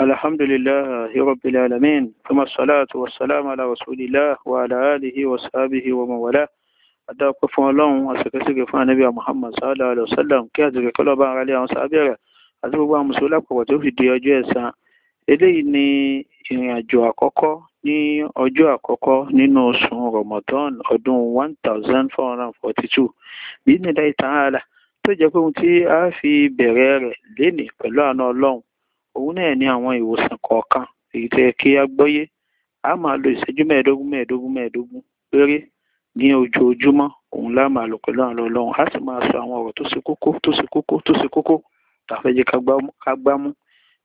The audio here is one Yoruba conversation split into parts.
الحمد لله رب العالمين ثم الصلاة والسلام على رسول الله وعلى آله وصحبه ومن والاه adáàpẹ́ fún ọlọ́run àṣẹkẹsẹkẹ fún anábíà Muhammad sallallahu alaihi wasallam kí àṣẹkẹ kọlọ́bà ara lé àwọn sábẹ́ rẹ̀ àti gbogbo àwọn mùsùlùmí lápapọ̀ tó fi di ọjọ́ ẹ̀san eléyìí ni ìrìn àjò àkọ́kọ́ ní ọjọ́ àkọ́kọ́ nínú oṣù Ramadan ọdún 1442 bí nílẹ̀ ìtàn ààlà tó jẹ́ pé ohun tí a fi bẹ̀rẹ̀ rẹ̀ lénìí pẹ̀lú àánú ọlọ́run òun náà ni àwọn ìwòsàn kọ̀ọ̀kan èyí tó yẹ kí a gbọ́yé a máa lo ìṣẹ́jú mẹ́ẹ̀ẹ́dógún mẹ́ẹ̀ẹ́dógún mẹ́ẹ̀ẹ́dógún péré ní ojoojúmọ́ òun lá máa lò pẹ̀lú àwọn ọlọ́run a sì máa sọ àwọn ọ̀rọ̀ tó ṣe kókó tó ṣe kókó tó ṣe kókó tàfẹ́ jẹ́ ká gbámú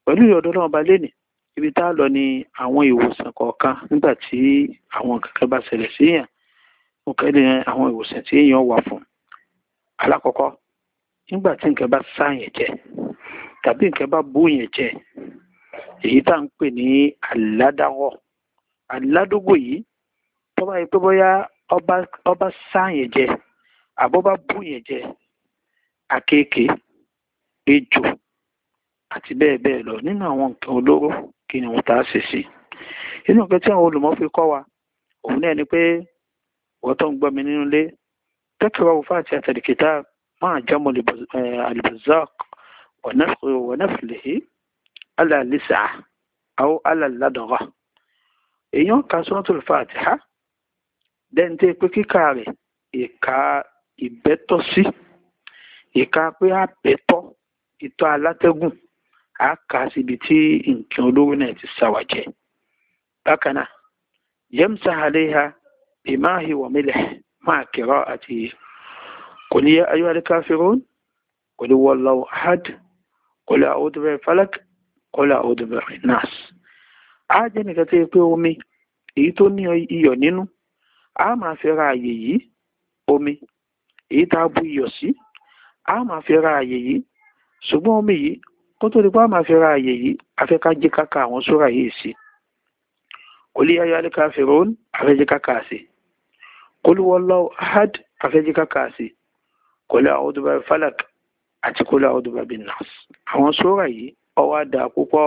pẹ̀lú ìyọ̀dọ̀ náà ba lé ní ibi tá a lọ ni àwọn ìwòsàn kọ̀ọ̀kan nígbà tí àwọn kankan bá ṣẹlẹ̀ sí èèyàn mo kẹ́lẹ́ àwọn ìwòsàn tí èèyàn wà fún alákọ̀ọ́kọ́ nígbà tí nǹkan bá sáàyàn jẹ tàbí nǹkan bá bóyàn jẹ èyí tá à ń pè ní àládáwọ àládógò yìí tó bá yẹ pé bóyá ọba sáàyàn jẹ àbọ̀bá bóyàn jẹ àkekèé ejò àti bẹ́ẹ̀ bẹ́ẹ̀ lọ nínú àwọn nǹkan olóró kí ni wọ́n tá a ṣe sí inú nǹkan tí àwọn olùmọ̀ fi kọ́ wa òun náà ni pé wọ́n tó ń gbọ́ mi nínú ilé tẹ́kẹ̀wá òfà àti àtẹ̀lẹ́kẹ̀tà máa jámọ́ àlùbọ̀zọ́ọ̀kì wọ̀nẹ́fìlì alàlísà àwọn alàládọ́rọ̀ èèyàn ka suratul fatiha dẹ́ntẹ́ pé kíkà rẹ̀ ìka ìbẹ́tọ́ sí ìka pé àbẹ́tọ́ ìtọ́ alátẹ́gùn á kà síbi tí nǹkan olóró náà ti sàwàjẹ́ bákan náà yamsa alayha bimahi wa milh máa kẹrọ àti kò ní yẹ ayọ́ alikafirun kò ní wallahu ahad qul a'udhu bi falak qul a'udhu bi nas á jẹ́ nìkan tó yẹ pé omi èyí tó ní iyọ̀ nínú á máa fi ra àyè yìí omi èyí tá a bu iyọ̀ sí á máa fi ra àyè yìí ṣùgbọ́n omi yìí kó tó di pé á máa fi ra àyè yìí afẹ́ká jẹ́ káka àwọn sóra yìí sí qul ya falak àti kólà ọdúnbàbí nas àwọn sóra yìí ọwọ́ àdá púpọ̀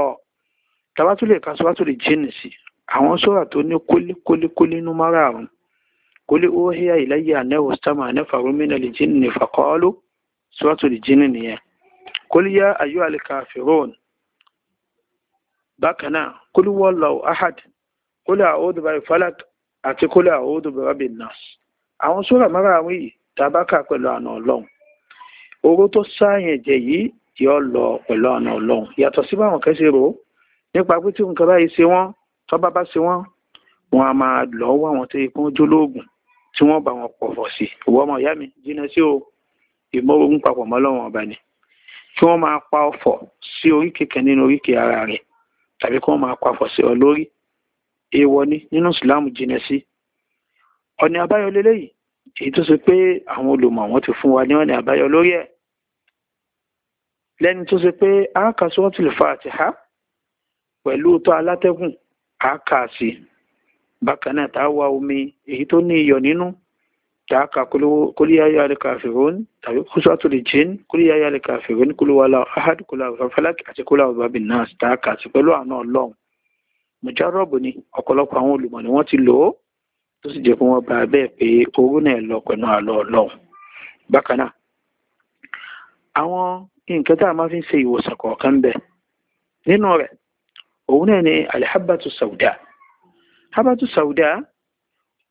tabatulè ka sọ́wọ́tulè jíìnì sí àwọn sóra tó ní kólé kólé kólé nú márààrún kólé ó híyà ìlẹ́yìn ànẹ́wò stamma ànẹ́fàrún mínàlì jíìnì ní fàkọ́ọ́lù sọ́wọ́tulè jíìnì nìyẹn kólé yá ayọ́ alikafirun bákan náà kólé wọ́n lọ ahad kólé àwòdùbàbí falak àti kólé àwòdùbàbí nas àwọn sóra márààrún yìí tabaka pẹ̀lú àna ọlọ́run oró tó sáàyàn ẹ̀jẹ̀ yìí yọ lọ pẹ̀lú ọ̀nà ọlọ́run yàtọ̀ sí báwọn kẹ́sì rò ó nípa pé tí nǹkan báyìí ṣe wọ́n tọ́ba bá ṣe wọ́n wọn a máa lọ wá wọn tó yẹ kí jólóògùn tí wọ́n bá wọn pọ̀fọ̀ sí ìwọ ọmọ ìyá mi jìnnà sí o ìmọ̀rògùn papọ̀ mọ́ lọ́wọ́n ọba ni kí wọ́n máa pa ọ̀fọ̀ sí oríkèé kan nínú oríkèé ara rẹ̀ tàbí kí wọ́n máa pa ọ̀fọ̀ sí ọ lórí èèwọ̀ ni nínú ìsìláàmù jìnnà sí ọ̀nà àbáyọ lélẹ́yìí èyí tó ṣe pé àwọn olùmọ̀ wọn ti fún wa ní ọ̀nà àbáyọ lórí ẹ̀ lẹ́ni tó ṣe pé a kà suratul Fatiha pẹ̀lú tó alátẹ́gùn a kà sí bákan náà tá a wá omi èyí tó ní iyọ̀ nínú tá a kà kólíyáyá lè kàfírún tàbí suratul Jinn kólíyáyá lè kàfírún kólúwàlá ahad kólúwàlá falak àti kólúwàlá binnas tá a kà sí pẹ̀lú àánú ọlọ́run mùjárọ̀bù ni ọ̀pọ̀lọpọ̀ àwọn olùmọ̀ ni wọ́n ti lò ó tó sì jẹ́ pé wọ́n bá bẹ́ẹ̀ pé owó náà lọ pẹ̀lú àlọ́ ọlọ́run bákan náà àwọn nǹkan tá a máa fi ń ṣe ìwòsàn kọ̀ọ̀kan bẹ̀ nínú rẹ̀ òun náà ni alihabatu sauda habatu sauda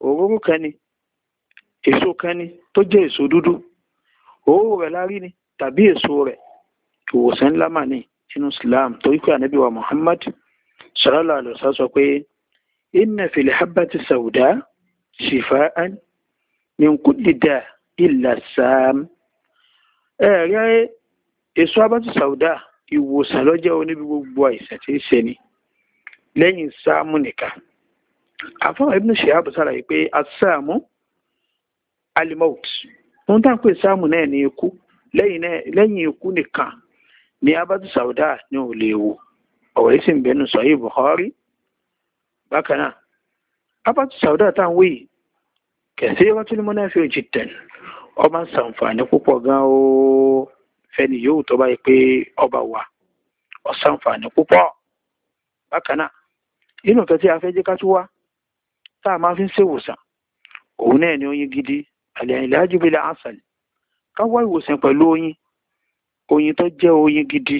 òróró kan ni èso kan ni tó jẹ́ èso dúdú òróró rẹ̀ lárí ni tàbí èso rẹ̀ ìwòsàn ńlá mà ní inú Islam torí pé ànábì wa Muhammad sallallahu alaihi sọ pé inna fil habati sauda shifaan min kulli da illa sam ẹ̀rẹ́ èso abátú sàúdà ìwòsàn lọ́jẹ́ oníbi gbogbo àìsàn tí ń ṣe ni lẹ́yìn sáàmù nìkan àfọwọ́ ibùdó ṣèyàbù sàlàyé pé asáàmù alimout ohun tá à ń pè sáàmù náà ní ikú lẹ́yìn ikú nìkan ní abátú sàúdà ní ò lè wò ọ̀rọ̀ yìí sì ń bẹnu sọ yìí Bukhari bákan náà abájú sàwúdà tá à ń wí kẹsí rọtúlù mọ́nà fi òjì tẹ̀ ọmọ sàǹfààní púpọ̀ gan o fẹ́ni yóò tó báyìí pé ọba wà ọ̀sàǹfààní púpọ̀ bákan náà inú nǹkan tí a fẹ́ jẹ́ ká tún wá tá a máa fi ń ṣèwòsàn òun náà ni oyin gidi àlẹ́yìnlájú bí làásàlì ká wá ìwòsàn pẹ̀lú oyin oyin tó jẹ́ oyin gidi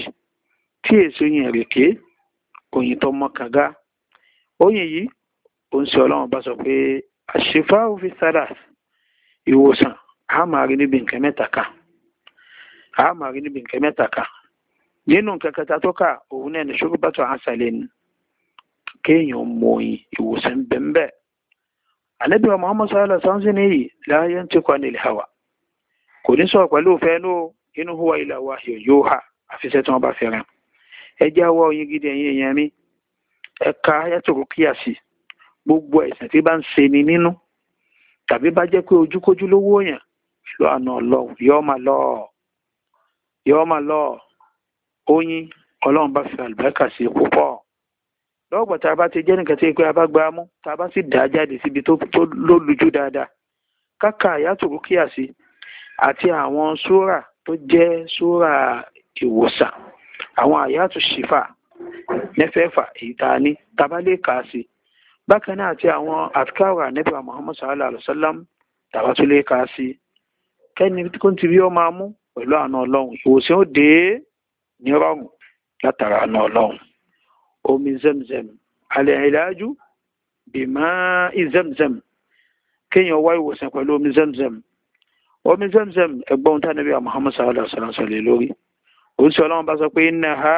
tí èso oyin oyin tó mọ kàga oyin yìí ó ń sọ ọlọ́run bá sọ pé àṣefá òfin sára ìwòsàn a máa rí níbi nǹkan mẹ́ta ká a máa rí níbi nǹkan mẹ́ta ká nínú nǹkan kẹta tó kà òun náà ní ṣókòbátò àṣàlẹ̀ ni kéèyàn mọ ìwòsàn bẹ́ẹ̀ ànábì wa Muhammad sallallahu alaihi wasallam nìyí la yantiqu anil hawa kò ní sọ pẹ̀lú fẹ́ẹ́nú inú huwa illa wahyu yuha àfiṣẹ́ tí wọ́n bá fẹ́ràn ẹ jẹ́ àwọ̀ oyin gidi ẹ̀yin èèyàn mi ẹ̀ka ayẹ́tòkú kíyàsí gbogbo ẹ̀sìn tí bá ń ṣe ni nínú tàbí bá jẹ́ pé ojúkójú lówó yàn lọ́nà ọlọ́run yọ́ máa lọ yọ́ máa lọ oyin ọlọ́run bá fi àlùbáríkà sí púpọ̀ lọ́gbà tá a bá ti jẹ́ nìkan tí pé a bá gba mú tá a bá sì dá jáde síbi tó lólujú dáadáa káka àyàtòkú kíyàsí àti àwọn súrà tó jẹ́ súrà ìwòsàn àwọn àyàtò ṣìfà mẹ́fẹ̀ẹ̀fà èyí tá a ní tá a bá lè kà á sí i bákan náà àti àwọn àfikáwà nípa muhammad sallallahu alaihi wa sallam tàbá tún lè kà á sí kẹ́ni kó ti rí ọmọ amú pẹ̀lú àna ọlọ́run ìwòsàn ó dé ní rọrùn látara àna ọlọ́run omi zemzem alẹ́ ìlàájú bìmá ìzemzem kéèyàn wá ìwòsàn pẹ̀lú omi zemzem omi zemzem ẹgbọ́n tánibí muhammad sallallahu alaihi wa sallam sọ̀rọ̀ lórí oṣù ọlọ́run bá sọ pé innaha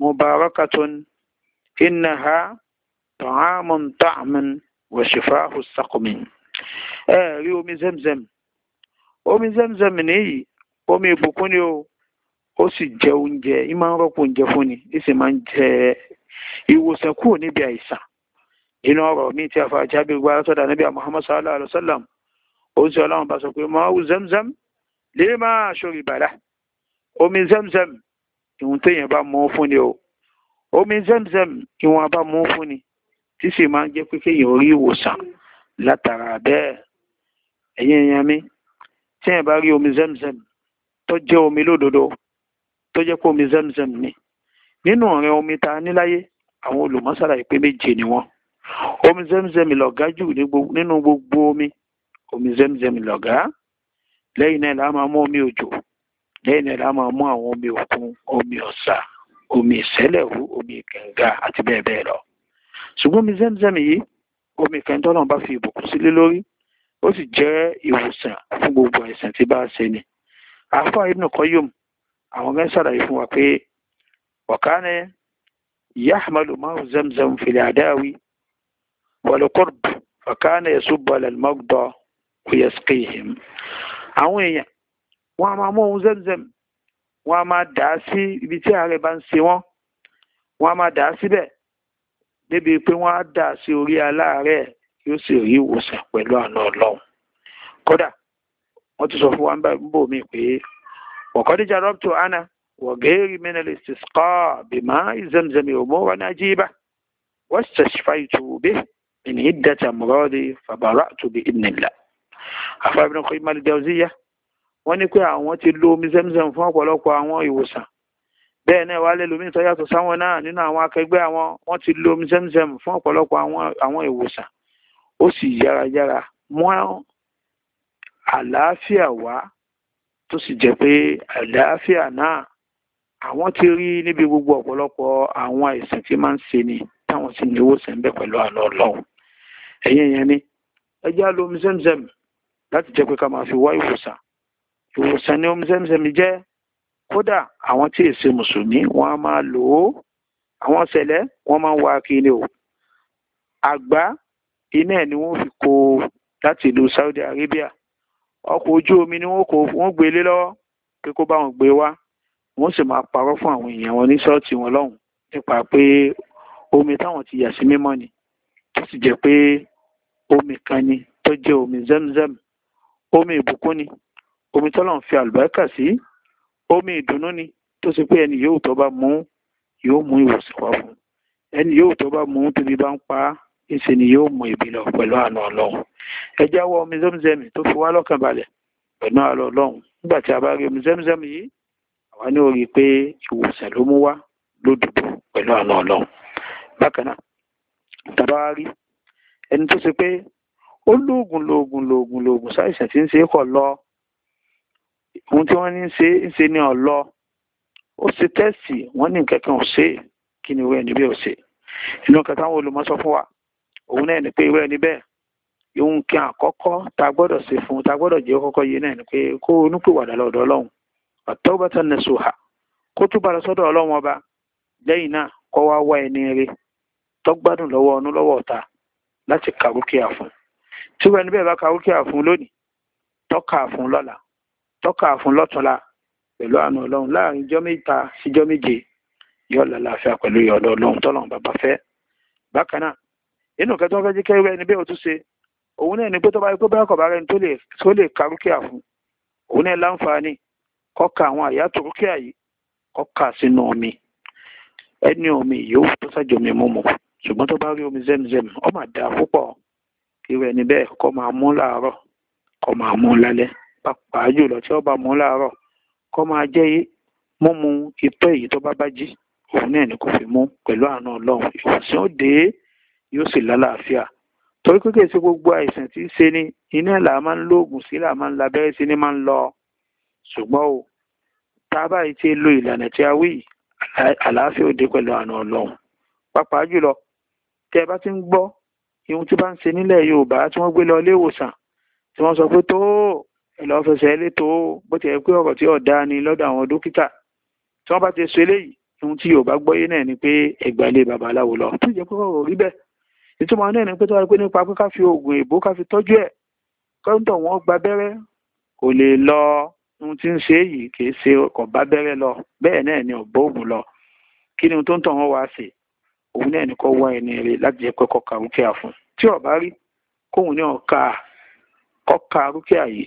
mubarakatun innaha tọ̀hámùn tààmùn wẹ̀ṣẹ̀fáhù sàkùmí. ẹ rí omi zemzem omi zemzem nìyí omi ìbùkún ni o ó sì jẹ oúnjẹ í máa ń rọ́pò oúnjẹ fún ni í sì máa ń jẹ ìwòsàn kúrò níbi àìsàn inú ọ̀rọ̀ mi tí a fa jábí gba sọ́dọ̀ níbi Muhammad sallallahu alaihi wa sallam ó ń sọ ọlọ́run bá sọ pé máa wù zemzem lè máa ṣòrì bàlá omi zemzem ìhun téèyàn bá mú fún ni o omi zemzem ìwọn bá mú fún ni tí sì máa ń jẹ́ pé kéèyàn orí ìwòsàn látara bẹ́ẹ̀ ẹ̀yin èèyàn mi tí ẹ̀ bá rí omi zemzem tó jẹ́ omi lódodo tó jẹ́ pé omi zemzem ni nínú ọ̀rẹ́ omi ta níláyé àwọn olùmọ́sára ìpé méje ni wọ́n omi zemzem lọ̀gá jù nínú gbogbo omi omi zemzem lọ̀gá lẹ́yìn náà la máa mú omi òjò lẹ́yìn náà la máa mú àwọn omi òkun omi ọ̀sà omi ìṣẹ̀lẹ̀wú omi kànga àti bẹ́ẹ̀ bẹ́ẹ̀ lọ ṣùgbọ́n mi zemzem yìí omi kan tọ́lọ́run bá fi ìbùkún sílé lórí ó sì jẹ́ ìwòsàn fún gbogbo àìsàn tí bá ṣe ni àáfà Ibn Qayyum àwọn mẹ́rin ṣàlàyé fún wa pé ọ̀kánẹ́ yahmalu ma'u zamzam fil adawi wal qurb ọ̀kánẹ́ yasubbu ala al-maghda wa yasqihim àwọn èèyàn wọ́n a máa mú ohun zemzem wọ́n a máa dà á sí ibi tí àárẹ̀ bá ń ṣe wọ́n wọ́n a máa dà á síbẹ̀ débi pé wọ́n á dà sí orí aláàárẹ̀ yóò sì rí ìwòsàn pẹ̀lú àna ọlọ́run kódà wọ́n ti sọ fún wa ń bá bò mí pé ọ̀kọ́díjà rọ́pútù ana wọ̀gẹ́rì mẹ́nẹ́lẹ́sì sọ́ bìmá ìzẹ́mzẹ́mi òmùwà náà jí bá wọ́n ṣẹ̀ṣifáyì tó bẹ́ẹ̀ in hiddata muradi fabara'tu bi idnillah afa ibn qayyim al pé àwọn ti lo omi zemzem fún ọ̀pọ̀lọpọ̀ àwọn ìwòsàn bẹ́ẹ̀ náà wálé lomi tó yàtọ̀ sáwọn náà nínú àwọn akẹgbẹ́ àwọn wọ́n ti lo omi zẹ́mzẹ́m fún ọ̀pọ̀lọpọ̀ àwọn ìwòsàn ó sì yárayára mú àlàáfíà wá tó sì jẹ́ pé àlàáfíà náà àwọn ti rí níbi gbogbo ọ̀pọ̀lọpọ̀ àwọn àìsàn tí máa ń ṣe ni táwọn sì ní ìwòsàn ń bẹ pẹ̀lú àlọ́ ọlọ́run ẹ̀yìn ìyẹn ni ẹ jẹ́ lo omi zẹ́mzẹ́m láti jẹ́ pé ká máa fi wá ìwòsàn ìwòsàn ni omi zẹ́mzẹ́m jẹ́ kódà àwọn tí èsè mùsùlùmí wọ́n á máa lò ó àwọn sẹ̀lẹ̀ wọ́n máa ń wá kiri o àgbá iná ẹ̀ ni wọ́n fi kó láti ìlú Saudi Arabia ọkọ̀ ojú omi ni wọ́n kó wọ́n gbé e lé lọ́wọ́ pé kó bá wọn gbé e wá wọ́n sì máa parọ́ fún àwọn èèyàn wọn ní ṣọ́ọ̀tì wọn lọ́hùn nípa pé omi táwọn ti yà sí mímọ́ ni tó sì jẹ́ pé omi kan ni tó jẹ́ omi zemzem omi ìbùkún ni omi tọ́lọ́run fi àlùbáríkà sí omi ìdùnnú ni tó ṣe pé ẹni yóò tó bá mú yóò mú ìwòsàn wá fún ẹni yóò tó bá mú tóbi bá ń pa ìṣe ni yóò mú ibi lọ pẹ̀lú àna ọlọ́run ẹ jáwọ́ omi zemzem tó fi wá lọ́kàn balẹ̀ pẹ̀lú àna ọlọ́run nígbà tí a bá rí omi zemzem yìí àwa ní orí pé ìwòsàn ló mú wá lódodo pẹ̀lú àna ọlọ́run bákan náà tàbá rí ẹni tó ṣe pé ó lóògùn lóògùn lóògùn lóògùn sáìsàn tí ń ṣe é kọ̀ lọ́ọ́ ohun tí wọ́n ní ṣe ń ṣe ní ọ̀lọ́ ó ṣe tẹ́sì wọ́n ní kẹ́kẹ́ ò ṣe kí ni ìwé ẹni bẹ́ẹ̀ ò ṣe inú kẹta àwọn olùmọ́sọ fún wa òun náà ni pé ìwé ẹni bẹ́ẹ̀ ohun kí àkọ́kọ́ ta gbọ́dọ̀ ṣe fún ta gbọ́dọ̀ jẹ́ kọ́kọ́ yé náà ni pé kó onúpìwàdà lọ́dọ̀ ọlọ́run ọ̀tọ́gbọ́tà nasuha kó túbà lọ sọ́dọ̀ ọlọ́run ọba lẹ́yìn náà kọ́ wá wá ẹni rí tọ́gbádùn lọ́wọ́ ọnú lọ́wọ́ ọ̀tá láti kàrúkìá fún tí wọ́n ẹni bẹ́ẹ̀ bá kàrúkìá fún lónìí tọ́ka fún lọ́la tọ́ka fún lọ́túnla pẹ̀lú àánú ọlọ́run láàrin ijọ́ mẹ́ta síjọ́ méje yóò lálàáfíà pẹ̀lú ìyọ̀dọ̀ ọlọ́run tọ́lọ́run bàbá fẹ́ bákan náà inú kẹtọ́ wọn fẹ́ jẹ́ kẹ́rù ẹni bẹ́ẹ̀ ó tún ṣe òun náà ni pé tó bá rí pé bẹ́ẹ̀ kọ̀ọ̀bá rẹni tó lè ka rúkìá fún òun náà láǹfààní kọ́ka àwọn àyàtò rúkìá yìí kọ́ka sínú omi ẹni omi yòówù tó ṣàjọ omi mímu ṣùgbọ́n tó bá rí omi zemzem ó mà dáa púpọ̀ irú ẹni bẹ́ẹ̀ kó máa mú láàárọ̀ kó máa mú lálẹ́ pàpà jùlọ tí ó bá mú láàárọ̀ kó máa jẹ́ mímu itọ́ èyí tó bá bá jí òun náà ni kò fi mú pẹ̀lú àánú ọlọ́run ìwòsàn òde yóò sì lálàáfíà torí pé kèsì gbogbo àìsàn tí ń ṣe ni iná là máa ń lóògùn sí là máa ń labẹ́rẹ́ sí ni máa ń lọ ṣùgbọ́n o tá a báyìí ti lo ìlànà tí a wí àlàáfíà òde pẹ̀lú àánú ọlọ́run pàápàá jùlọ tẹ́ bá ti ń gbọ́ ihun tí bá ń ṣe nílẹ̀ yorùbá tí wọ́n gbé lọ ilé ìwòsàn tí wọ́n sọ pé tó ìlọ́fẹsẹ̀ létò bó ti ẹ̀ pé ọ̀rọ̀ tí ọ̀dá ni lọ́dọ̀ àwọn dókítà tí wọ́n bá ti ṣe eléyìí ohun tí Yorùbá gbọ́yé náà ni pé ẹgbàlè babaláwo lọ tó jẹ́ pé ọ̀rọ̀ rí bẹ́ẹ̀ ìtumọ̀ náà ni pé tó wá pé nípa pé ká fi oògùn èbó ká fi tọ́jú ẹ̀ kọ́ńtọ̀ wọn gba abẹ́rẹ́ kò lè lọ ohun tí ń ṣe yìí kì í ṣe kò bá abẹ́rẹ́ lọ bẹ́ẹ̀ náà ni ọ̀bọ ògùn lọ kí ni tó ń tọ̀ wọn wá ṣe òun náà ni kò wá ẹni rè láti jẹ́ pé kọ́ rúkìá fún tí ọ̀bá rí kóhun ní ọ̀ka kọ́ rúkìá yìí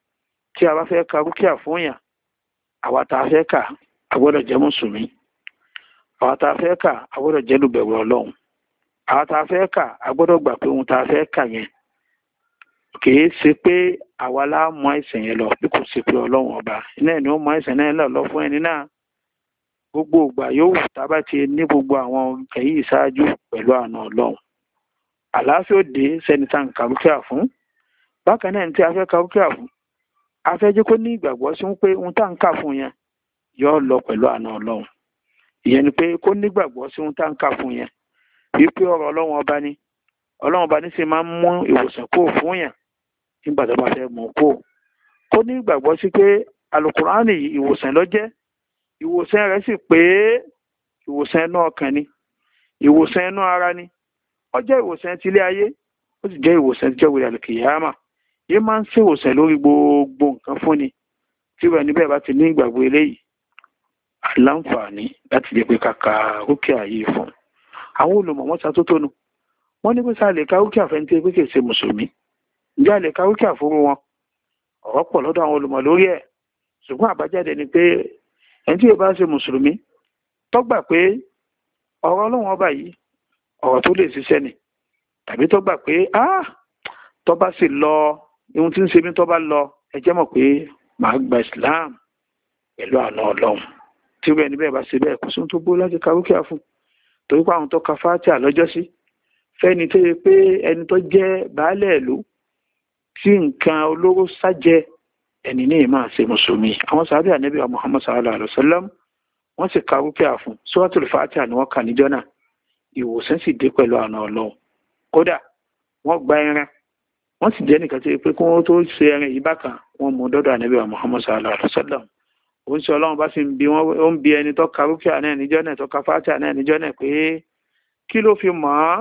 tí a bá fẹ́ ka rúkìá fún yàn àwa tá a fẹ́ kà a gbọ́dọ̀ jẹ́ mùsùlùmí àwa tá a fẹ́ kà a gbọ́dọ̀ jẹ́ lùbẹ̀wọ̀ ọlọ́run àwa tá a fẹ́ kà a gbọ́dọ̀ gbà pé ohun tá a fẹ́ kà yẹn kìí ṣe pé àwa la mọ ẹ̀sìn yẹn lọ bí kò ṣe pé ọlọ́run ọba iná ẹ̀ ni ó mọ ẹ̀sìn náà lọ lọ fún ẹni náà gbogbo ìgbà yóò wù tá a bá ti ní gbogbo àwọn ẹ̀yìn ìṣáájú pẹ̀lú àna ọlọ́run àlàáfíà òde sẹ́ni tá à kàrúkìá fún bákan náà ní tí a fẹ́ kàrúkìá fún afẹ́jẹ́ kó ní ìgbàgbọ́ sí pé ohun tá à ń kà fún yẹn yóò lọ pẹ̀lú àna ọlọ́run ìyẹn ni pé kó nígbàgbọ́ sí ohun tá à ń kà fún yẹn wípé ọrọ̀ ọlọ́run ọba ni ọlọ́run ọba ni sì máa ń mú ìwòsàn kúrò fún yẹn nígbà tó bá fẹ́ mú kúrò kó nígbàgbọ́ sí pé alukurani ìwòsàn ló jẹ́ ìwòsàn rẹ̀ sì pé ìwòsàn ẹnu ọkàn ni ìwòsàn ẹnu ara ni ó jẹ́ ìwòsàn tilé ayé ó sì jẹ́ ìwòsàn tí jẹ́ wíwá lókè yàrá yé máa ń ṣèwòsàn lórí gbogbo nǹkan fúnni tí wọn níbẹ̀ bá ti ní ìgbàgbọ́ eléyìí aláǹfààní láti jẹ́ pé kàkà rúkìá yìí fún un àwọn olùmọ̀ wọ́n ṣàtótónu wọ́n ní pé sáà lè ka rúkìá fẹ́ ń tẹ́ pé kìí ṣe mùsùlùmí ǹjẹ́ a lè ka rúkìá fún wọn ọ̀rọ̀ pọ̀ lọ́dọ̀ àwọn olùmọ̀ lórí ẹ̀ ṣùgbọ́n àbájáde ni pé ẹni tí yóò bá ṣe mùsùlùmí tọ́gbà pé ọ̀rọ̀ ọlọ́run ọba yìí ọ̀rọ̀ tó lè ṣiṣẹ́ ni tàbí tọ́gbà pé ah tọ́ba sì lọ ihun tí ń ṣe mí tó bá lọ ẹ jẹ́ mọ̀ pé màá gba Islam pẹ̀lú àna Ọlọ́run tí ó bẹ́ẹ̀ ni bẹ́ẹ̀ bá ṣe bẹ́ẹ̀ kò sóhun tó gbó láti ka rúkìá fún torí pé àwọn tó ka fátíà lọ́jọ́sí fẹ́ni tó yẹ pé ẹni tó jẹ́ baálẹ̀ ìlú tí nǹkan olóró sájẹ ẹni ní ìmáà ṣe mùsùlùmí àwọn sàbí ànẹ́bí wa Muhammad sallallahu alayhi wa sallam wọ́n sì ka rúkìá fún suratul fátíà ni wọ́n kà níjọ́ náà ìwòsàn sì dé pẹ̀lú àna Ọlọ́run kódà wọ́n gba ẹran wọ́n sì jẹ́ nìkan tó yẹ pé kí wọ́n tó ṣe ẹran yìí bákan wọ́n mú dọ́dọ̀ ànábì wa muhammad sallallahu alaihi wa sallam ó ń sọ ọlọ́run bá sì ń bi wọ́n ó ń bi ẹni tó ka rúkìá náà níjọ́ náà tó ka fatiha náà níjọ́ náà pé kí ló fi mọ̀ ọ́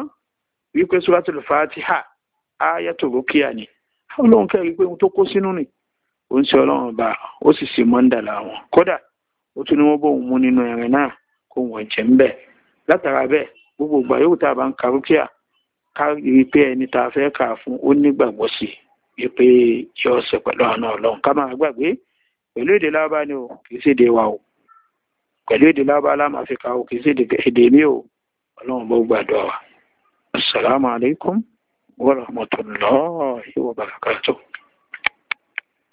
wípé suratul fatiha ayatu rúkìá ni àwọn olóhùn kẹrin pé ohun tó kó sínú ni ó ń sọ ọlọ́run bá ó sì sì mọ́ńdà làwọn kódà ó tún ní wọ́n bóun mú nínú ẹ̀rìn náà kó wọ́n jẹ́ ń bẹ̀ látara bẹ́ẹ̀ gbogbo ìgbà yóò tá a bá ń ka rúkìá ká rí i pé ẹni tá a fẹ́ kà fún ó nígbàgbọ́ sí i pé yọ ọ̀sẹ̀ pẹ̀lú àna ọlọ́run ká máa gbàgbé pẹ̀lú èdè lábá ni o kì í ṣèdè wa o pẹ̀lú èdè lábá lámà fi kà o kì í ṣèdè èdè mi o ọlọ́run bó gbàdúrà wa. asalaamualeykum wa rahmatulahi wa barakatuh.